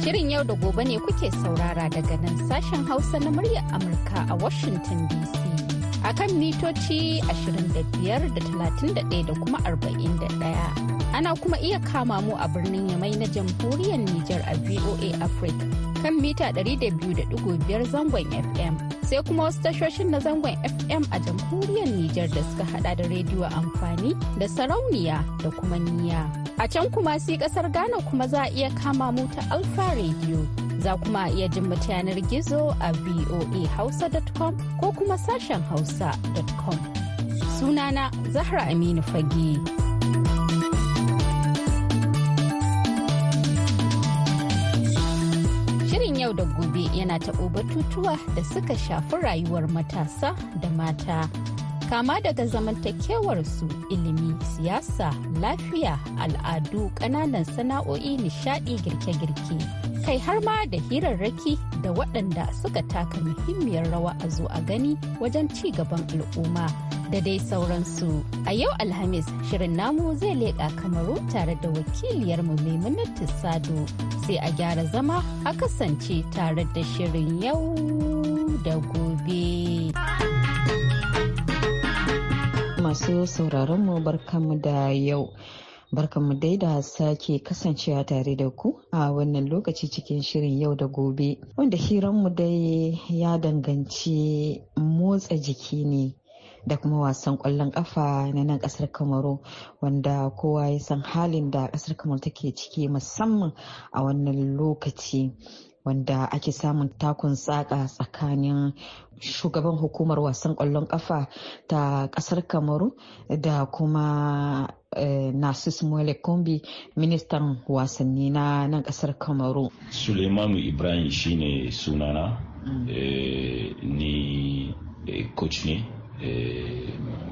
Shirin yau da gobe ne kuke saurara daga nan sashen Hausa na muryar Amurka a Washington DC. A kan mitoci 25 da 31 da kuma 41. Ana kuma iya kama mu a birnin Yamai na jamhuriyar Nijar a VOA Africa kan mita 200.5 zangon FM. Sai kuma wasu tashoshin na zangon FM a jamhuriyar Nijar da suka hada da rediyo amfani da sarauniya da kuma niya. A can kuma si kasar Ghana kuma za a iya kama mu ta Alfa Radio. Za kuma iya jin yanar gizo a voa voahausa.com ko kuma sashen hausa.com. Sunana Zahra Aminu Fage. yau da gobe yana taɓo batutuwa da suka shafi rayuwar matasa da mata. Kama daga zamantakewarsu ilimi, siyasa, lafiya, al'adu, ƙananan sana'o'i, nishaɗi, girke-girke. kai har ma da hirarraki da waɗanda suka taka muhimmiyar rawa a zo a gani wajen ci gaban al'umma da dai sauransu. A yau Alhamis shirin namu zai leƙa kamaru tare da wakiliyar mu Maimunatu sai a gyara zama a kasance tare da shirin yau da gobe. Masu sauraron mu barkanmu da yau. Barkanmu dai da sake kasancewa tare da ku a wannan lokaci cikin shirin yau da gobe wanda hiranmu dai ya danganci motsa jiki ne da kuma wasan kwallon kafa na nan kasar kamaru wanda kowa ya san halin da kasar kamaru take ciki musamman a wannan lokaci wanda ake samun takun tsaka tsakanin shugaban hukumar wasan kwallon kafa ta kasar kamaru da kuma Eh, nasis mole kombi ministan wasanni na nan kasar kamaru suleimanu ibrahim shine sunana mm. eh, ni eh, coach ne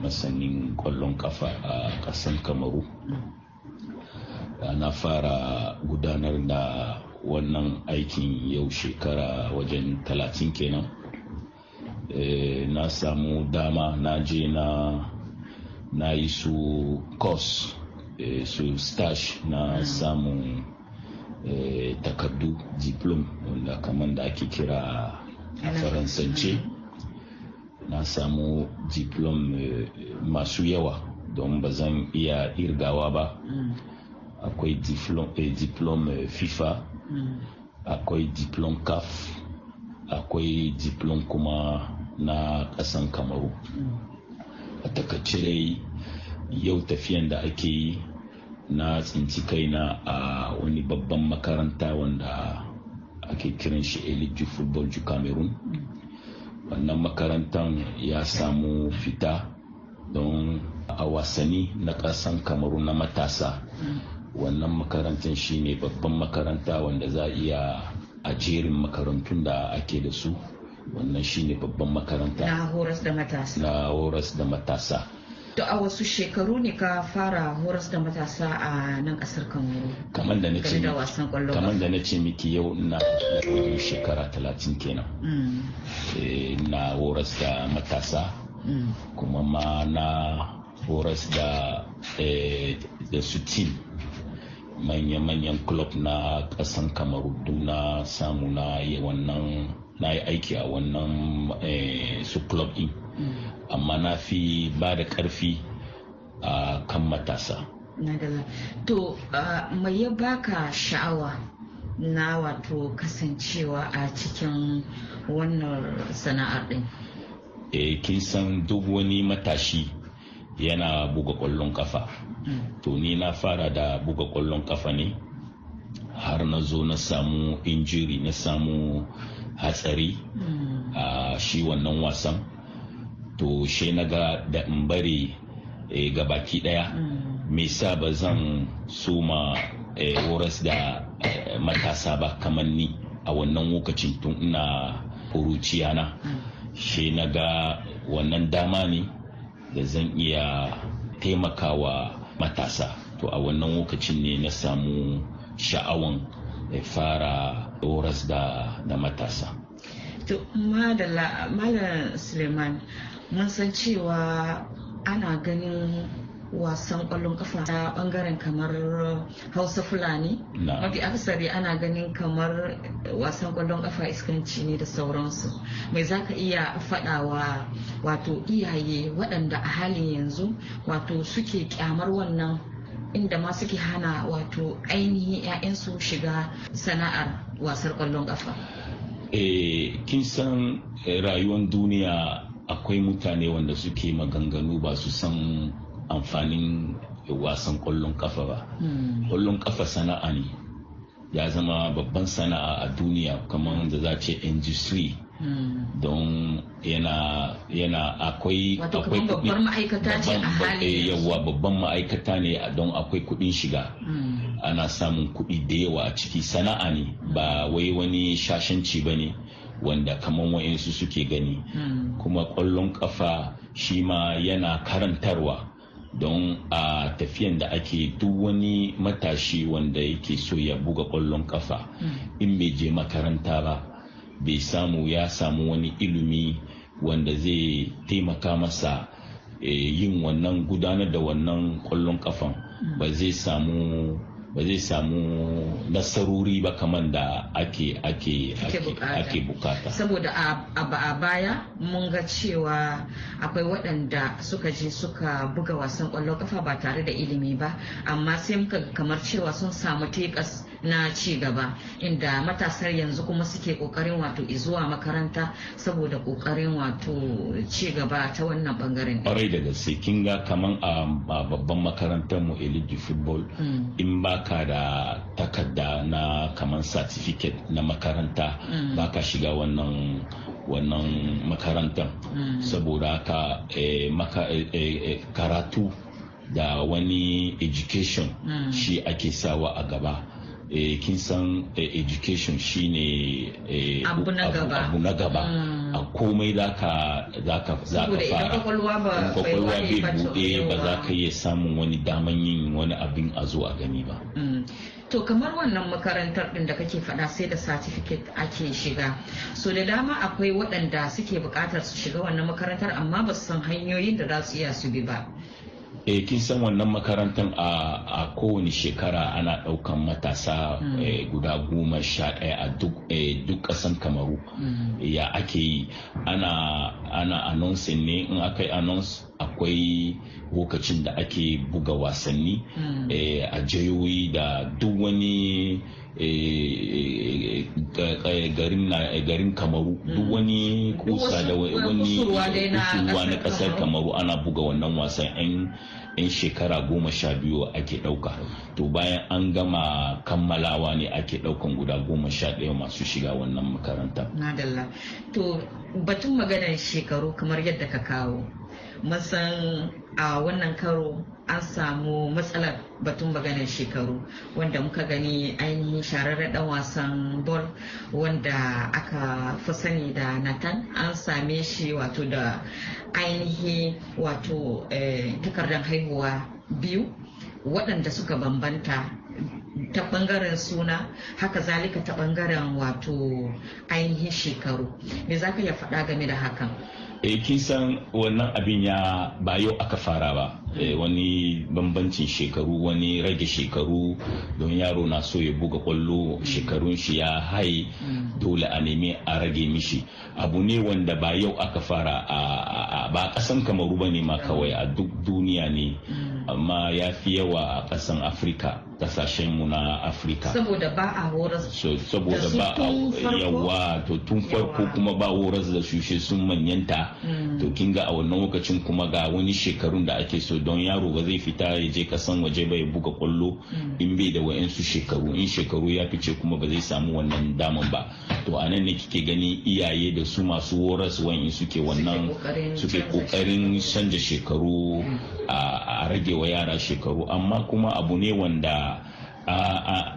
masanin kwallon kafa a kasar kamaru mm. na fara gudanar da wannan aikin yau shekara wajen talatin kenan na samu dama na je na na yi su course su stash na hmm. samun e, takardu diplom wanda kamar da ake kira a faransance na samu diplom e, masu yawa don ba zan iya irgawa ba hmm. akwai e, diplom fifa hmm. akwai diplom caf akwai diplom kuma na ƙasan kamaru mm. a takaice dai yau tafiyan da ake yi na tsinci kaina a wani babban makaranta wanda ake kiran shi eliju football ju cameroon wannan makarantan ya samu fita don a wasanni na ƙasan kamaru na matasa wannan makarantar ne babban makaranta wanda za a iya a jerin makarantun da ake da su wannan shine babban makaranta na horas da matasa na horas da matasa to a wasu shekaru ne ka fara horas da matasa a nan kasar kamaru kamar da na kamar da miki yau ina shekara 30 kenan mm. eh, na horas da matasa mm. kuma ma na horas da eh, da su team manya-manyan club na kasan kamaru na samu na wannan na yi aiki a wannan eh, su club din mm. amma na fi ba da karfi a kan matasa to mai ya baka sha'awa na wato kasancewa a cikin wannan sana'ar din e kin san duk wani matashi yana buga kwallon kafa mm. to ni na fara da buga kwallon kafa ne har na zo na samu injiri na samu hatsari hmm. a shi wannan wasan to she na ga da in bari eh, ga baki daya hmm. me sa ba zan soma eh, horas da eh, matasa ba kamar ni a wannan lokacin tun ina na hmm. she na ga wannan dama ne da zan iya taimakawa matasa to a wannan lokacin ne na samu sha'awan fara horas da matasa to malam suleiman mun san cewa ana ganin wasan kwallon kafa ta ɓangaren kamar hausa fulani mafi akasari ana ganin kamar wasan ƙwallon ƙafa iskanci ne da sauransu mai za ka iya faɗawa wato iyaye waɗanda a halin yanzu wato suke kyamar wannan inda ma suke hana wato ainihin 'ya'yansu shiga sana'ar wasar kwallon kafa eh kin san eh, rayuwar duniya akwai mutane wanda suke maganganu ba su san amfanin wasan kwallon kafa ba kwallon hmm. kafa sana'a ne ya zama babban sana'a a duniya kamar da za ce industry Hmm. don yana akwai akwai eh, yawa babban ma'aikata ne don akwai kuɗin shiga hmm. ana samun kuɗi da yawa a ciki sana'a ne ba wai wani shashanci ba ne wanda kamar wa'insu suke gani hmm. kuma ƙwallon ƙafa shi ma yana karantarwa don a tafiyan da ake duk wani matashi wanda yake so ya buga ƙwallon ƙafa in bai je makaranta ba bai samu ya samu wani ilimi wanda zai taimaka masa eh, yin wannan gudanar da wannan kwallon kafan ba zai samu ba zai samu nasarori ba kamar da ake ake ake bukata saboda a baya mun ga cewa akwai waɗanda suka je suka buga wasan kwallon kafa ba tare da ilimi ba amma sai muka kamar cewa sun samu tekas na ci gaba inda matasar yanzu kuma suke kokarin wato zuwa makaranta saboda kokarin wato ci gaba ta wannan bangaren kwarai da gaske kin ga kaman a babban makarantar mu elite football mm. in baka da takarda na kaman certificate na makaranta mm. baka shiga wannan wannan makarantar mm. saboda haka eh, eh, eh, karatu da wani education shi ake sawa a gaba Eh, kin san eh, education shine eh, abu na gaba mm. a komai za ka fara kwakwalwa bai bude ba za ka iya samun wani daman yin wani abin a zo a gani ba mm. to kamar wannan makarantar din da kake faɗa sai da certificate ake shiga so da dama akwai waɗanda suke buƙatar su shiga wannan makarantar amma ba su san hanyoyin da za su iya su bi ba eh kin san wannan makarantar a kowane shekara ana daukan matasa mm. eh, guda goma sha ɗaya a duk eh, ƙasan kamaru mm. ya ake yi ana ne in aka yi announce akwai lokacin da ake buga wasanni mm. eh, a jayoyi da duk wani garin kamaru duk wani kusa da wani kusurwa na kasar kamaru ana buga wannan wasan 'yan shekara goma sha biyu ake ɗauka to bayan an gama kammalawa ne ake ɗaukan guda goma sha ɗaya masu shiga wannan makaranta. na to batun maganar shekaru kamar yadda ka kawo masan a wannan karo an samu matsalar batun maganar shekaru wanda muka gani an yi shararren dan wasan bol wanda aka fi sani da nathan an same shi wato da ainihi wato eh, takardar haihuwa biyu waɗanda suka bambanta ta ɓangaren suna haka zalika ta ɓangaren wato ainihin shekaru me za ka iya faɗa game da hakan e kin san wannan abin ya ba yau aka fara ba Eh, wani bambancin shekaru wani rage shekaru don yaro na so ya buga kwallo shekarun shi ya hai mm. dole a nemi a rage mishi abu ne wanda ba yau aka fara a ba kasan kamaru ba ne ma kawai a duk duniya ne mm. amma ya fi yawa a kasan afirka kasashen mu na afirka saboda ba a saboda ba a yawa to tun farko kuma ba horas da su sun manyanta mm. to kinga a wannan lokacin kuma ga wani shekarun da ake so don yaro ba zai fita ya je kasan waje ba ya buga kwallo mm. in bai da wa'yansu shekaru in shekaru ya fice kuma ba zai samu wannan daman ba to a nan ne kike gani iyaye da su masu horas wa'in suke wannan suke kokarin canja shekaru mm. a rage wa yara shekaru amma kuma abu ne wanda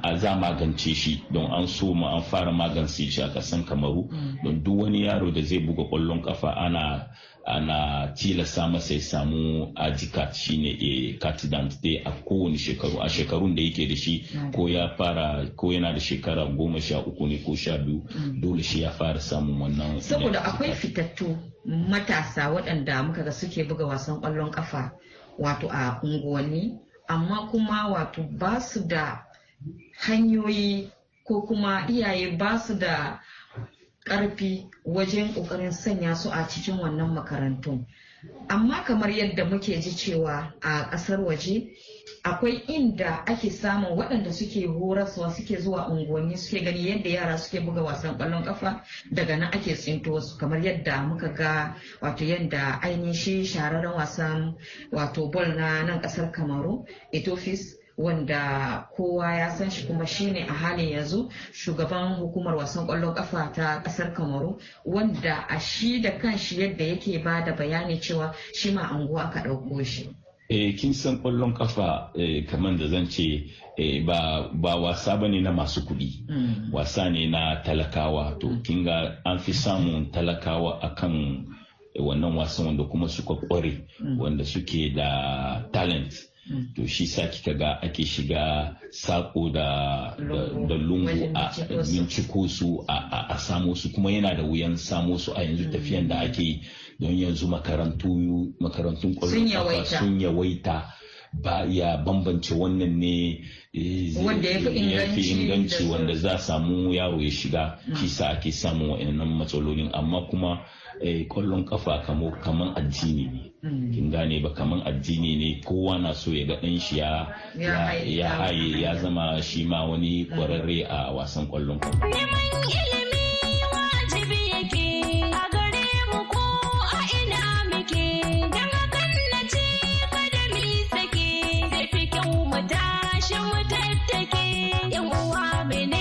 a za magance shi don an so mu an fara magance shi a kasan kamaru mm. don duk wani yaro da zai buga kwallon kafa ana ana tilasta masa ya samu ajikat shine a katidant dai a kowane shekaru a shekarun da yake da shi mm. ko ya fara ko yana da shekara goma sha uku ne ko sha biyu mm. dole shi ya fara samun wannan saboda akwai fitattu matasa waɗanda muka ga suke buga wasan kwallon kafa wato a unguwanni amma kuma wato ba su da hanyoyi ko kuma iyaye ba su da ƙarfi wajen ƙoƙarin sanya su a cikin wannan makarantun amma kamar yadda muke ji cewa a ƙasar waje akwai inda ake samun waɗanda suke horaswa suke zuwa unguwanni suke gani yadda yara suke buga wasan ƙwallon ƙafa daga nan ake tsinto wasu kamar yadda muka ga wato yadda ainihin shi shahararren wasan wato bol na nan ƙasar kamaru etofis wanda kowa ya san shi kuma shine a halin yanzu shugaban hukumar wasan kwallon kafa ta ƙasar kamaru wanda a shi da kanshi yadda yake ba da bayani cewa shi ma anguwa aka ɗauko shi Eh, kin san kwallon kafa eh, kamar da zan ce eh, ba wasa bane na masu kuɗi mm. wasa ne na talakawa to mm. kin ga an fi samun talakawa akan wannan wasan wanda kuma suka kware mm. wanda suke da talent Mm. to shi sa kika ga ake shiga sako da lungu a binciko su a samo su kuma yana da wuyan samo su a yanzu mm. tafiyan da ake yi. don yanzu makarantun kwallon sun yawaita ba ya bambance wannan ne eh, wanda ya fi inganci wanda za samu yaro ya shiga mm. shi sa ake samun wa'annan matsalolin amma kuma Eh, kwallon kafa kaman addini ne hmm. kin gane ba kaman addini ne kowa na so ya ga ɗan shi ya haye ya zama shi ma wani hmm. kwararre a wasan kwallon kafa yan uwa mene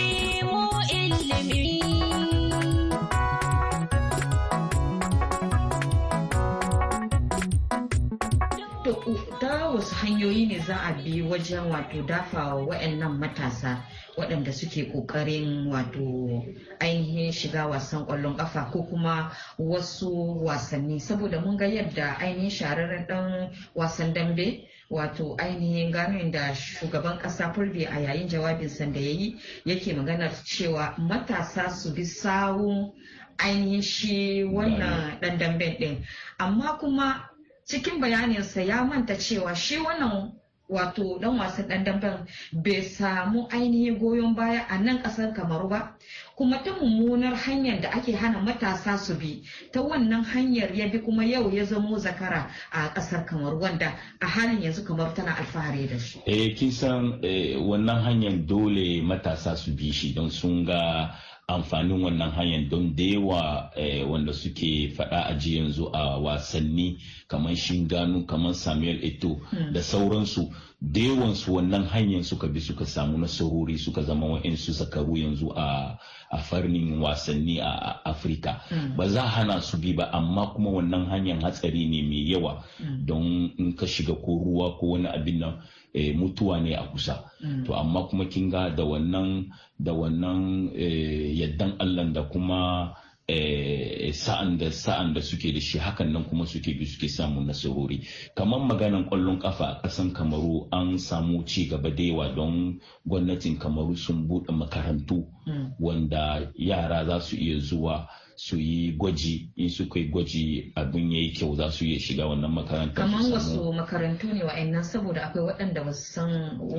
hanyoyi ne za a bi wajen wato dafa wa'annan matasa waɗanda suke ƙoƙarin wato ainihin shiga wasan ƙwallon ƙafa ko kuma wasu wasanni saboda mun ga yadda ainihin shahararren ɗan wasan dambe wato ainihin gano da shugaban ƙasa fulbe a yayin jawabin sanda ya yi yake maganar cewa matasa su bi sawun ainihin shi wannan ɗan damben ɗin amma kuma cikin bayaninsa ya manta cewa shi wannan wato dan wasan dan damben bai samu ainihin goyon baya a nan kasar kamaru ba kuma ta mummunar hanyar da ake hana matasa su bi ta wannan hanyar ya bi kuma yau ya zamo zakara a kasar kamaru wanda a halin yanzu kamar tana alfahari da shi eh kin san eh, wannan hanyar dole matasa su bi shi don sun ga amfanin wannan hanyar don da yawa eh, wanda suke faɗa a ji yanzu a wasanni kamar shinganu kamar samuel eto hmm. da sauransu da yawansu wannan hanyar suka bi suka samu nasarori suka zama wa'insu zakaru yanzu a a farnin wasanni a afirka hmm. ba za hana su bi ba amma kuma wannan hanyar hatsari ne mai yawa hmm. don in ka shiga ko ruwa ko wani abin nan e, mutuwa ne a kusa mm. to amma kuma kin ga da wannan da wannan e, yaddan Allah da kuma e, sa'an da sa'an da suke da shi hakan nan kuma suke bi suke samun nasarori kamar maganan kwallon kafa a ƙasan kamaru an samu ci gaba da yawa don gwamnatin kamaru sun buɗe makarantu mm. wanda yara za su iya zuwa su yi gwaji in su kai gwaji abin ya yi kyau za su iya shiga wannan makarantar kamar wasu makarantu ne wa nan saboda akwai waɗanda ba su san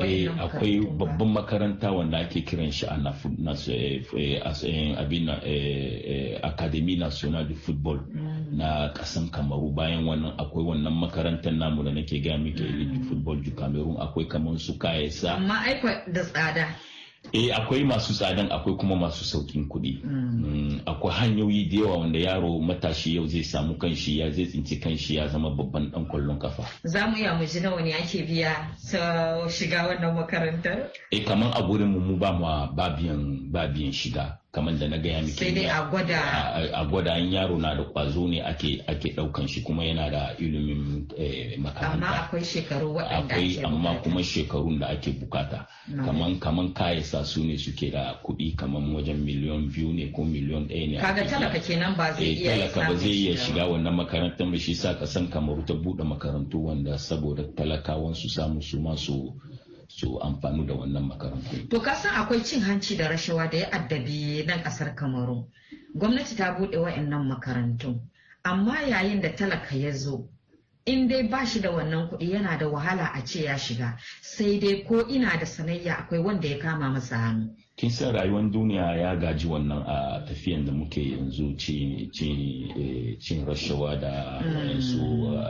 eh, wani akwai babban makaranta wanda ake kiran shi a akademi eh, eh, academy national de football mm. na kasan kamaru bayan wannan akwai wannan makarantar namu da nake gaya miki yi mm. football ju cameroon akwai kamar su kayasa amma da tsada eh akwai masu tsadan akwai kuma masu saukin kuɗi mm, akwai hanyoyi da yawa wanda yaro matashi yau zai samu kanshi ya zai tsinci kanshi ya zama babban dan kwallon kafa za mu iya muji nawa ne ake biya ta shiga wannan makarantar eh kamar a gurin mu mu ba mu ba biyan shiga kamar da na gaya miki sai dai a gwada a gwada an yaro na da kwazo ne ake ake daukan shi kuma yana da ilimin eh, makaranta amma akwai shekaru waɗanda akwai amma kuma shekarun da ake bukata kaman kaman sa su ne suke da kuɗi kaman wajen miliyon biyu ne ko miliyon ɗaya ne kaga talaka kenan ba zai eh, iya talaka ba zai iya shiga wannan makarantar ba shi sa ka san kamar ta buɗe makarantu wanda saboda talakawan su samu su ma su su amfani da wannan makarantu. To kasan akwai cin hanci da rashawa da ya addabi nan kasar Kamaru. Gwamnati ta buɗe wa'annan makarantu. Amma yayin da talaka ya zo, in dai ba shi da wannan kuɗi yana da wahala a ce ya shiga, sai dai ko ina da sanayya akwai wanda ya kama masa hannu. kin san rayuwar duniya ya gaji wannan a tafiyan da muke yanzu eh, cin rashawa da wayansu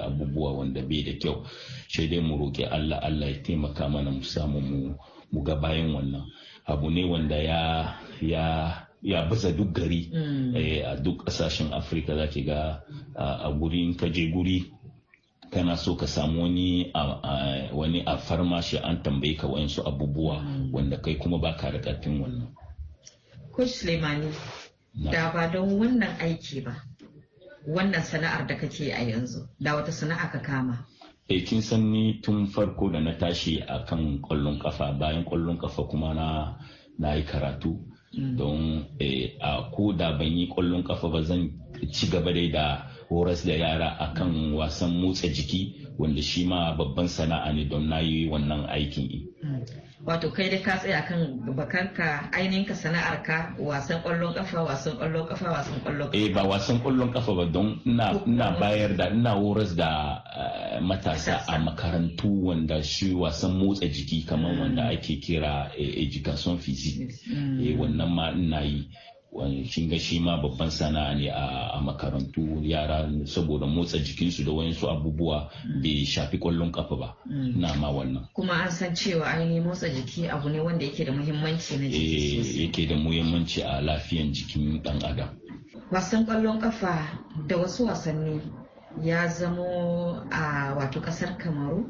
abubuwa wanda bai da kyau sai dai mu roƙi allah allah ya taimaka mana mu samu mu ga bayan wannan abu ne wanda ya ya ya baza duk gari mm. eh, a duk ƙasashen afirka zaki ga a guri ka je guri kana so ka samu wani wani a farmashi an tambaye ka wayansu abubuwa hmm. wanda kai kuma ba ka da karfin wannan ko Suleimani da ba don wannan aiki ba wannan sana'ar da kake a yanzu da wata sana'a ka kama e kin san ni tun farko da na tashi a kan kwallon kafa bayan kwallon kafa kuma na na yi karatu hmm. don eh, a ko da ban yi kwallon kafa ba zan ci gaba dai da horas da yara akan wasan motsa jiki wanda shi ma babban sana'a ne don na yi wannan aikin yi. wato kai dai ka tsaya kan bakanka ainihin ka sana'ar ka wasan kwallon kafa wasan kwallon kafa wasan kwallon kafa eh ba wasan kwallon kafa ba don ina bayar da ina horas da eh, matasa a makarantu wanda shi wasan motsa jiki kamar wanda ake kira eh, education physique mm. eh wannan ma ina yi shi ga shi ma babban sana'a ne a makarantu yara saboda motsa jikinsu da wayansu abubuwa bai shafi kwallon kafa ba mm. na ma wannan kuma an san cewa ainihin motsa jiki abu ne wanda yake da muhimmanci na jiki eh, sosai. yake da muhimmanci a lafiyan jikin dan adam wasan kwallon kafa da wasu wasanni ya zamo a wato kasar kamaru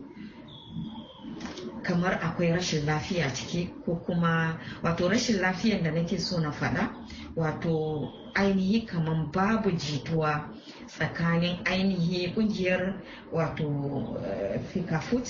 kamar akwai rashin lafiya ciki ko kuma wato rashin lafiyan da nake so na faɗa wato ainihi kamar babu jituwa tsakanin ainihi kungiyar wato eh, Fika foot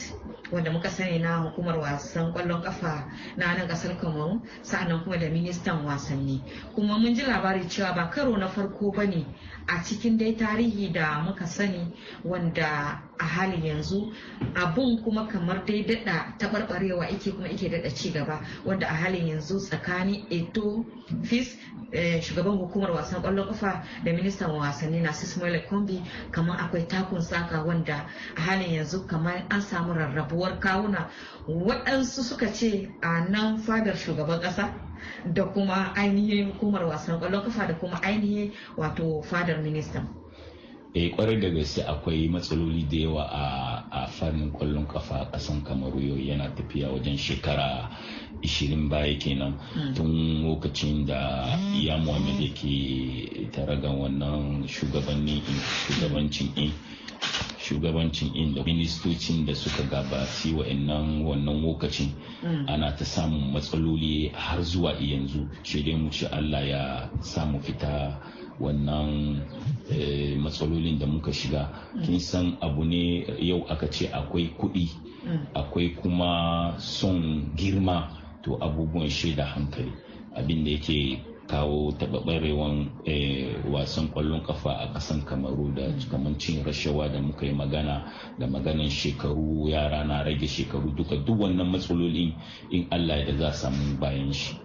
wanda muka sani na hukumar wasan kwallon kafa na nan kasar kamaru sa'annan kuma da ministan wasanni kuma mun ji labari cewa ba karo na farko ba ne a cikin dai tarihi da muka sani wanda a halin yanzu abun kuma kamar dai daɗa taɓarɓarewa ike kuma ike daɗa ci gaba wanda a halin yanzu tsakanin eto fis eh, shugaban hukumar wasan ƙwallon ƙafa da ministan wasanni na sismoyle kombi kamar akwai takun saka wanda a halin yanzu kamar an samu rarrabuwar kawuna waɗansu suka ce a nan fadar shugaban ƙasa da kuma ainihin hukumar wasan kwallon kafa da kuma ainihin wato fadar ministan eh kwarai da gaske akwai matsaloli da yawa a fannin kwallon kafa a kasan kamaru yau yana tafiya wajen shekara 20 baya kenan hmm. tun lokacin da ya muhammad yake taragan wannan shugabancin eh, shugabancin inda ministocin da suka gabaci wa'annan wannan lokacin mm. ana ta samun matsaloli har zuwa yanzu shi dai mu ce Allah ya samu fita wannan eh, matsalolin da muka shiga mm. kin san abu ne yau aka ce akwai kuɗi mm. akwai kuma son girma to abubuwan shaida hankali abinda yake kawo taɓaɓarewan eh, wasan ƙwallon kafa a ƙasan kamaru da kamar cin rashawa da muka yi magana da maganan shekaru yara na rage shekaru duka duk wannan matsalolin in allah da za samu bayan shi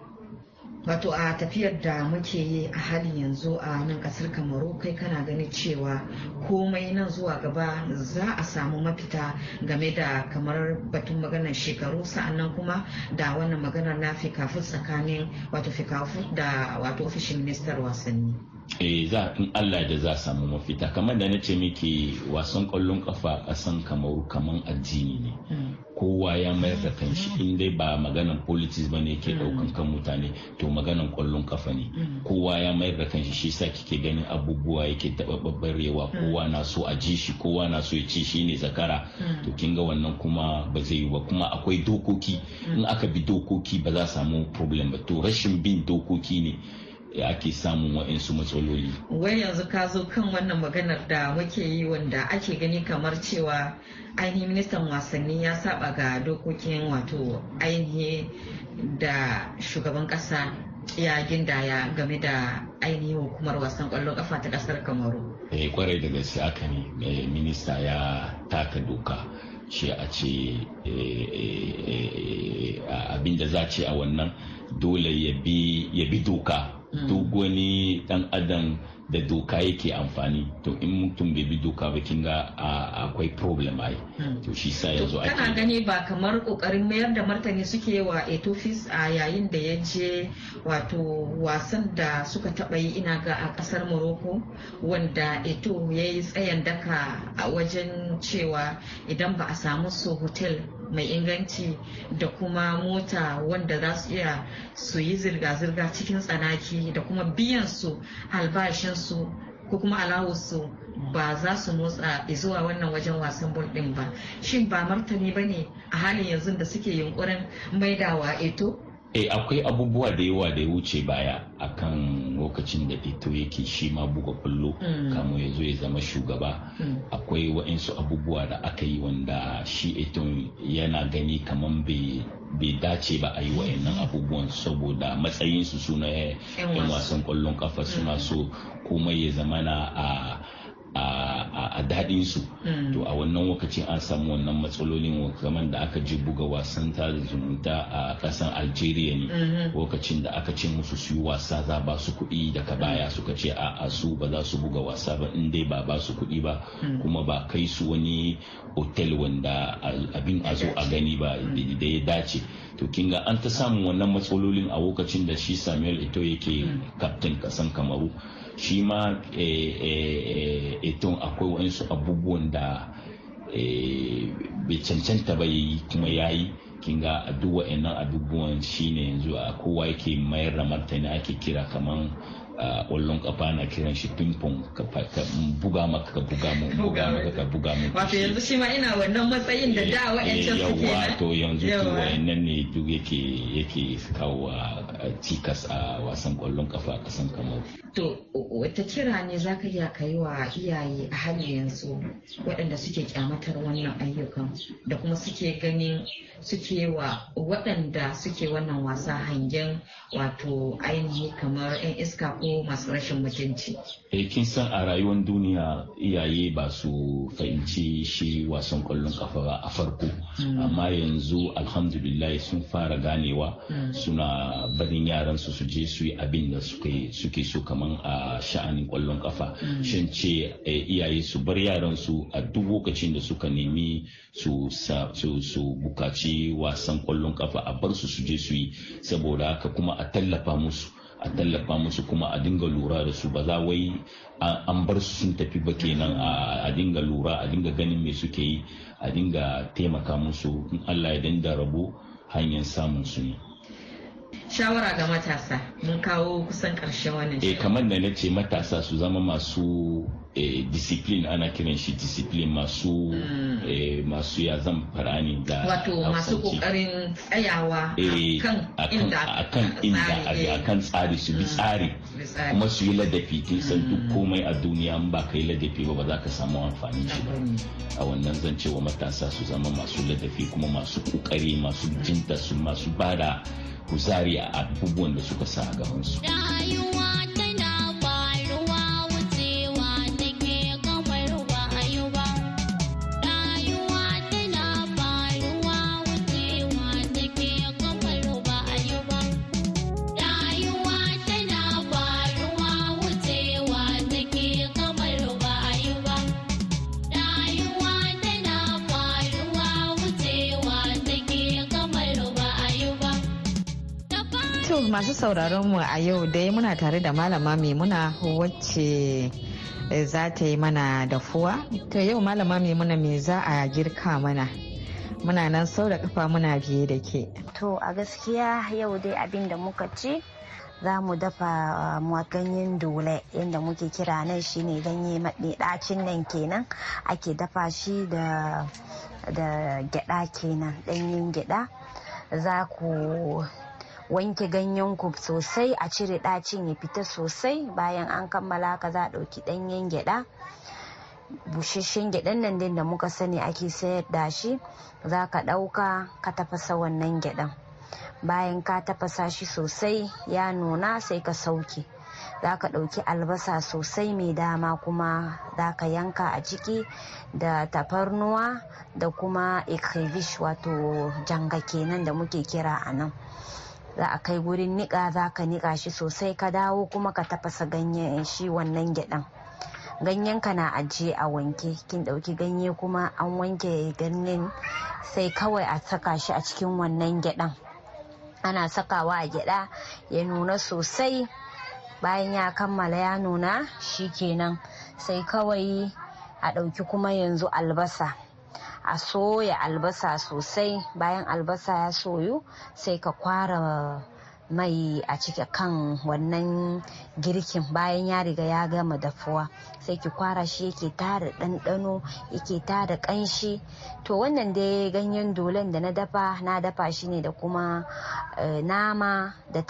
wato a tafiyar da muke yi a halin yanzu a nan kasar kamaru kai kana gani cewa komai nan zuwa gaba za a samu mafita game da kamar batun maganar shekaru sa'annan kuma da wannan maganar na fikafu tsakanin wato fikafu da wato ofishin ministar wasanni eh za in Allah da za samu mafita kamar da na ce miki wasan kwallon kafa a kasan kamaru kaman addini ne hmm. kowa ya mayar da kanshi in dai ba maganan politics ba ne ke daukan hmm. kan mutane to maganan kwallon kafa ne hmm. kowa ya mayar da kanshi shi sa kike ganin abubuwa yake yawa. kowa na so a ji shi kowa na so ya ci shi ne zakara to kin ga wannan kuma ba zai yi ba kuma akwai dokoki in aka bi dokoki ba za samu problem ba to rashin bin dokoki ne ake samun waɗansu matsaloli. Wai yanzu ka zo kan wannan maganar da muke yi wanda ake gani kamar cewa ainihin ministan wasanni ya saba ga dokokin wato ainihin da shugaban kasa ya gindaya game da ainihin hukumar wasan kwallon kafa ta ƙasar kamaru. Eh kwarai da gaske aka ne eh, minista ya taka doka. ce a ce eh, eh, abinda za ce a wannan dole ya bi doka duk mm. wani dan adam da doka yake amfani to in mutum bai bi doka ba kinga akwai problem ai hmm. to shi sa yanzu ake kana gani ba kamar kokarin mayar da martani suke wa etofis a yayin da ya je wato wasan da suka taba yi ina ga a kasar morocco wanda eto ya yi tsayan daka a wajen cewa idan ba a samu so hotel mai inganci da kuma mota wanda za su iya su yi zirga-zirga cikin tsanaki da kuma biyan su albashin su ko kuma alawarsu ba za su motsa zuwa wannan wajen wasan bol din ba shin ba martani ba ne a halin yanzu da suke yunkurin maidawa eto e akwai abubuwa da yawa da ya wuce baya akan lokacin da fito yake shi ma buga kullo mm. kamo ya zo ya zama shugaba mm. akwai wa'insu abubuwa da aka yi wanda shi eto yana gani kamar bai dace ba a yi wa'annan abubuwan saboda matsayinsu suna 'yan wasan kwallon kafa suna mm. so komai ya zamana a a daɗin su hmm. to a wannan lokacin an samu wannan matsalolin kamar da aka ji buga wasan da zumunta a ƙasan algeria ne hmm. lokacin da aka ce musu su yi wasa za ba su kuɗi daga hmm. baya suka ce a su ba za su buga wasa ba in dai ba ba su kuɗi ba kuma ba kai su wani otel wanda abin a zo a gani ba da ya dace to kinga an ta samun wannan matsalolin a lokacin da shi samuel ito yake kaftin mm. kasan kamaru shi ma eh, eh, eton akwai waɗansu abubuwan da eh, bai cancanta ba yi kuma ya yi kinga a duk wa'annan abubuwan shine yanzu a kowa yake mayar da martani ake kira kaman Kwallon kafa na kiran shi ping pong ka buga maka ka buga mu buga maka ka buga mu wato yanzu shi ma ina wannan matsayin da da eh, wa'ancan eh, kenan ke wato yanzu to wayannan ne duk yake yake kawo eh, cikas a wasan ƙwallon kafa a kasan kamar to wata kira ne zaka iya kai wa iyaye a halin yanzu waɗanda suke kyamatar wannan ayyukan da kuma suke ganin suke wa waɗanda suke wannan wasa hangen wato ainihi kamar 'yan iska ko ko masu rashin mutunci. E kin san a rayuwar duniya iyaye ba su fahimci shi wasan kwallon kafa ba a farko mm. amma yanzu alhamdulillah sun fara ganewa mm. suna barin yaran su je su yi abin da suke so kaman a sha'anin kwallon kafa mm. shan ce eh, iyaye su bar yaran su a duk lokacin da suka nemi su bukaci wasan kwallon kafa a bar su su je su yi saboda haka kuma a tallafa musu a tallafa musu kuma a dinga lura da su ba za wai an bar su sun tafi ba kenan a dinga lura a dinga ganin me suke yi a dinga taimaka musu in allah ya dinga rabo hanyar samun su ne shawara ga matasa mun kawo kusan karshen wannan eh, shi. kamar da na ce matasa su zama masu eh, discipline ana kiran shi discipline masu mm. eh, masu ya zan farani da wato masu kokarin tsayawa eh, kan inda akan inda akan tsari su bi tsari kuma su yi ladafi tun san duk mm. komai a duniya in ba ka yi ladafi ba ba za ka samu amfani shi ba a wannan zan ce wa matasa su zama masu ladafi kuma masu kokari masu jinta su masu bada kuzari a abubuwan da suka sa a gabansu. Rayuwa masu sauraron mu a yau dai muna tare da malama maimuna wacce eh, za ta yi mana dafuwa to yau malama maimuna me za a girka mana muna nan sau da kafa muna biye da ke to a gaskiya yau dai abin da muka ci za mu dafa ah, ganyen dole inda muke kira nan shine ganye maɗe ɗacin nan kenan ake dafa shi da gyaɗa kenan ɗanyen gyaɗa za ku wanke ganyen ku sosai a cire ɗacin ya fita sosai bayan an kammala ka za a ɗauki ɗanyen gyaɗa busasshen gyaɗan nan din da muka sani ake sayar da shi za ka ɗauka ka tafasa wannan gyaɗan bayan ka tafasa shi sosai ya nuna sai ka sauke za ka ɗauki albasa sosai mai dama kuma za ka yanka a ciki da tafarnuwa da kuma ikrivish wato janga kenan da muke kira a nan za a kai gurin niƙa za ka niƙa shi sosai ka dawo kuma ka tafasa ganyen shi wannan gyaɗan ganyen ka na ajiye a wanke kin ɗauki ganye kuma an wanke ganyen sai kawai a saka shi a cikin wannan gyaɗan ana sakawa a gyaɗa ya nuna sosai bayan ya kammala ya nuna shi kenan sai kawai a ɗauki kuma yanzu albasa a soya albasa sosai bayan albasa ya soyu sai ka kwara mai a cike kan wannan girkin bayan ya riga ya gama dafuwa sai ki kwara shi yake tara ɗanɗano yake tara ƙanshi to wannan dai ganyen dolan da na dafa na dafa shi ne da kuma eh, nama da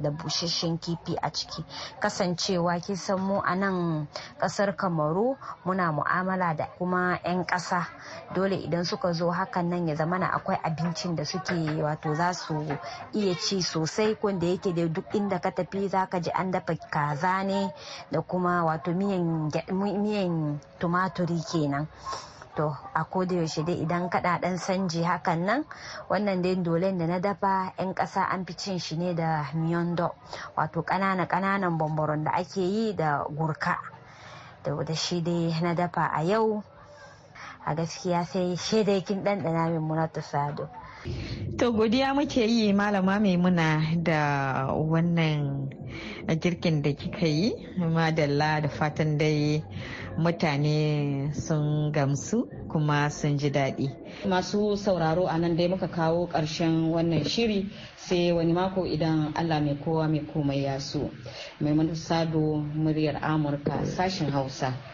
busasshen kifi a ciki kasancewa kin san mu a nan ƙasar kamaru muna mu'amala da kuma 'yan ƙasa dole idan suka zo hakan nan ya zamana akwai abincin da suke wato za su iya ci sosai farkon da yake da duk inda ka tafi zaka ji an dafa kaza ne da kuma wato miyan tumaturi kenan to a yaushe dai idan kada dan sanji hakan nan wannan dai dolen da na dafa yan kasa an fi cin shi ne da miyondo wato kanana kananan bambaron da ake yi da gurka da shi dai na dafa a yau a gaskiya sai shaidai kin ɗanɗana min munatu sado To godiya muke yi malama maimuna da wannan girkin da kika yi madalla da fatan dai mutane sun gamsu kuma sun ji daɗi. Masu sauraro a nan dai muka kawo ƙarshen wannan shiri sai wani mako idan Allah mai kowa mai komai ya so. Maimunu Sado muryar Amurka sashen Hausa.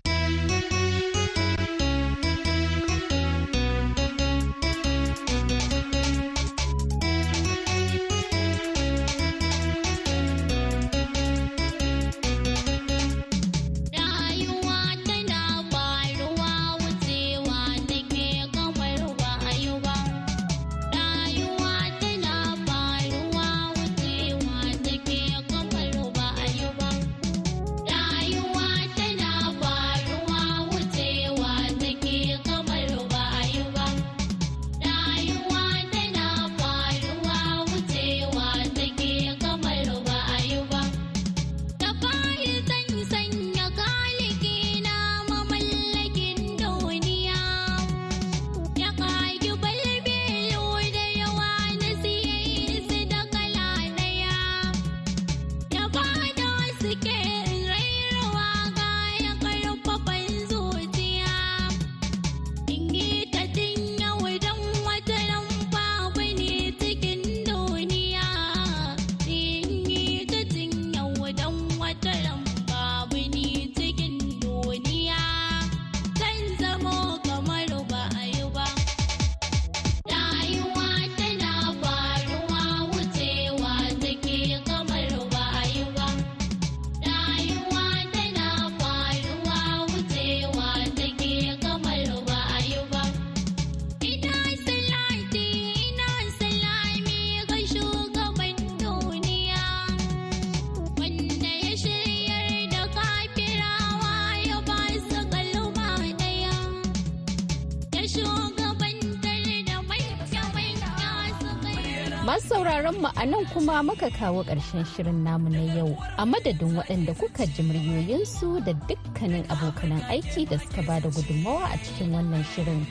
mu a nan kuma muka kawo ƙarshen shirin namu na yau a madadin waɗanda kuka ji muryoyinsu da dukkanin abokanan aiki da suka ba da gudunmawa a cikin wannan shirin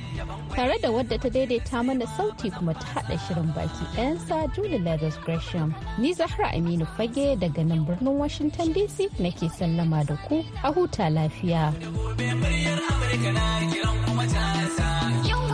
tare da wadda ta daidaita mana sauti kuma ta haɗa shirin baki ɗayansa julie lagos gresham ni zahra aminu fage daga nan birnin washington dc nake sallama da ku a huta lafiya. Yau